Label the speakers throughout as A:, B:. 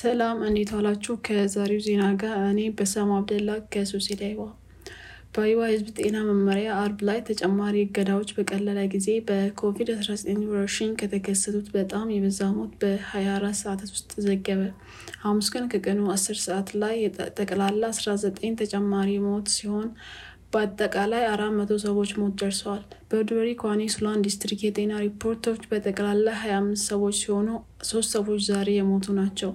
A: ሰላም እንዴት ዋላችሁ? ከዛሬው ዜና ጋር እኔ በሰም አብደላ ከሶሴዳይዋ። በአይዋ ህዝብ ጤና መመሪያ አርብ ላይ ተጨማሪ እገዳዎች በቀለለ ጊዜ በኮቪድ-19 ወረርሽኝ ከተከሰቱት በጣም የበዛ ሞት በ24 ሰዓታት ውስጥ ዘገበ። ሐሙስ ቀን ከቀኑ 10 ሰዓት ላይ ጠቅላላ 19 ተጨማሪ ሞት ሲሆን በአጠቃላይ አራት መቶ ሰዎች ሞት ደርሰዋል። በዱሪ ኳኒሱላን ዲስትሪክ የጤና ሪፖርቶች በጠቅላላ 25 ሰዎች ሲሆኑ ሶስት ሰዎች ዛሬ የሞቱ ናቸው።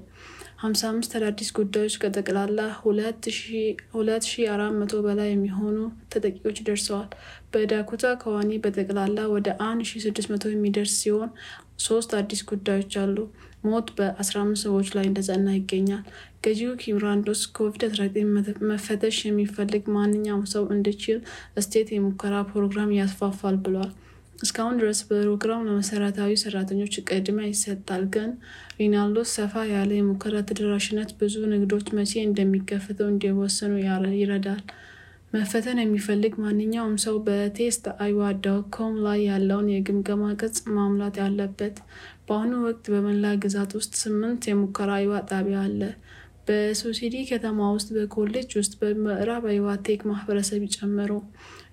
A: 55 አዳዲስ ጉዳዮች ከጠቅላላ 2400 በላይ የሚሆኑ ተጠቂዎች ደርሰዋል። በዳኮታ ከዋኒ በጠቅላላ ወደ 1600 የሚደርስ ሲሆን ሶስት አዲስ ጉዳዮች አሉ። ሞት በ15 ሰዎች ላይ እንደጸና ይገኛል። ገዢው ኪምራንዶስ ኮቪድ-19 መፈተሽ የሚፈልግ ማንኛውም ሰው እንዲችል ስቴት የሙከራ ፕሮግራም ያስፋፋል ብሏል። እስካሁን ድረስ በሮግራም ለመሰረታዊ ሰራተኞች ቅድሚያ ይሰጣል። ግን ሪናልዶ ሰፋ ያለ የሙከራ ተደራሽነት ብዙ ንግዶች መቼ እንደሚከፍተው እንዲወሰኑ ይረዳል። መፈተን የሚፈልግ ማንኛውም ሰው በቴስት አይዋ ዶት ኮም ላይ ያለውን የግምገማ ቅጽ ማሙላት ያለበት። በአሁኑ ወቅት በመላ ግዛት ውስጥ ስምንት የሙከራ አይዋ ጣቢያ አለ። በሶሲዲ ከተማ ውስጥ በኮሌጅ ውስጥ በምዕራብ አይዋ ቴክ ማህበረሰብ ይጨምሩ።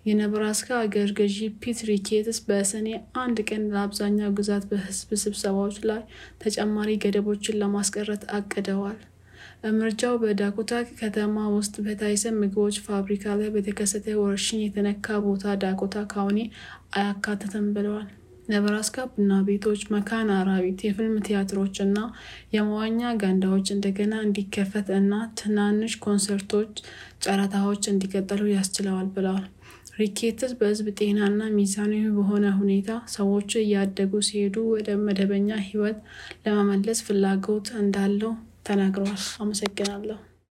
A: የነብራስካ አገር ገዢ ፒት ሪኬትስ በሰኔ አንድ ቀን ለአብዛኛው ግዛት በህዝብ ስብሰባዎች ላይ ተጨማሪ ገደቦችን ለማስቀረት አቅደዋል። እርምጃው በዳኮታ ከተማ ውስጥ በታይሰን ምግቦች ፋብሪካ ላይ በተከሰተ ወረርሽኝ የተነካ ቦታ ዳኮታ ካውኒ አያካትትም ብለዋል። ነበራስካ ቡና ቤቶች፣ መካን አራዊት፣ የፊልም ቲያትሮች እና የመዋኛ ገንዳዎች እንደገና እንዲከፈት እና ትናንሽ ኮንሰርቶች፣ ጨረታዎች እንዲቀጠሉ ያስችለዋል ብለዋል። ሪኬትስ በህዝብ ጤና እና ሚዛናዊ በሆነ ሁኔታ ሰዎች እያደጉ ሲሄዱ ወደ መደበኛ ህይወት ለመመለስ ፍላጎት እንዳለው ተናግረዋል። አመሰግናለሁ።